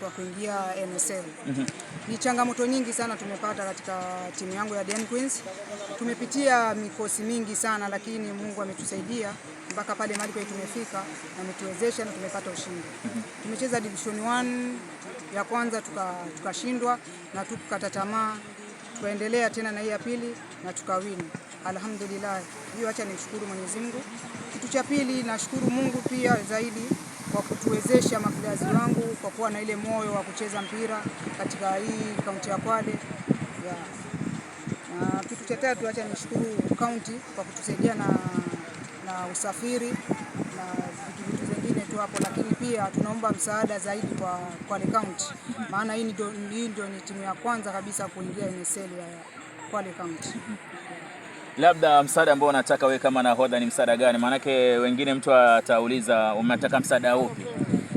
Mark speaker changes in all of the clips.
Speaker 1: kwa kuingia NSL. mm -hmm. Ni changamoto nyingi sana tumepata katika timu yangu ya Den Queens. Tumepitia mikosi mingi sana, lakini Mungu ametusaidia mpaka pale mahali kwa tumefika, ametuwezesha na tumepata ushindi. mm -hmm. Tumecheza division 1 ya kwanza tukashindwa, tuka na tukukata tamaa, tukaendelea tena na hii ya pili na tukawini. Alhamdulillah, hiyo acha nimshukuru Mwenyezi Mungu. Kitu cha pili nashukuru Mungu pia zaidi kwa kutuwezesha makidazi wangu kwa kuwa na ile moyo wa kucheza mpira katika hii kaunti ya Kwale ya. Na kitu cha tatu, acha nishukuru kaunti kwa kutusaidia na, na usafiri na vitu vitu zingine tu hapo, lakini pia tunaomba msaada zaidi kwa Kwale kaunti maana hii ndio ni timu ya kwanza kabisa kuingia NSL ya Kwale kaunti
Speaker 2: labda msaada ambao unataka wewe kama nahodha ni msaada gani? Maanake wengine mtu atauliza umetaka msaada upi?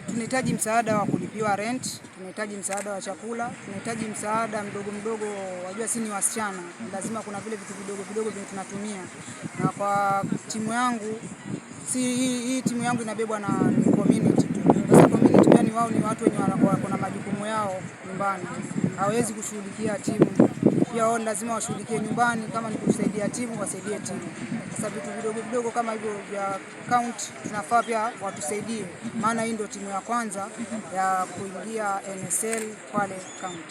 Speaker 1: Tunahitaji msaada wa kulipiwa rent, tunahitaji msaada wa chakula, tunahitaji msaada mdogo mdogo. Wajua si ni wasichana, lazima kuna vile vitu vidogo vidogo vile tunatumia. Na kwa timu yangu si hii, hii timu yangu inabebwa na community tu. Sasa community gani? Wao ni watu wenye wako na majukumu yao nyumbani, hawezi kushughulikia timu pia wao lazima washughulikie nyumbani, kama ni kusaidia timu wasaidie timu. Sasa vitu vidogo vidogo kama hivyo vya kaunti tunafaa pia watusaidie, maana hii ndio timu ya kwanza ya kuingia NSL pale kaunti.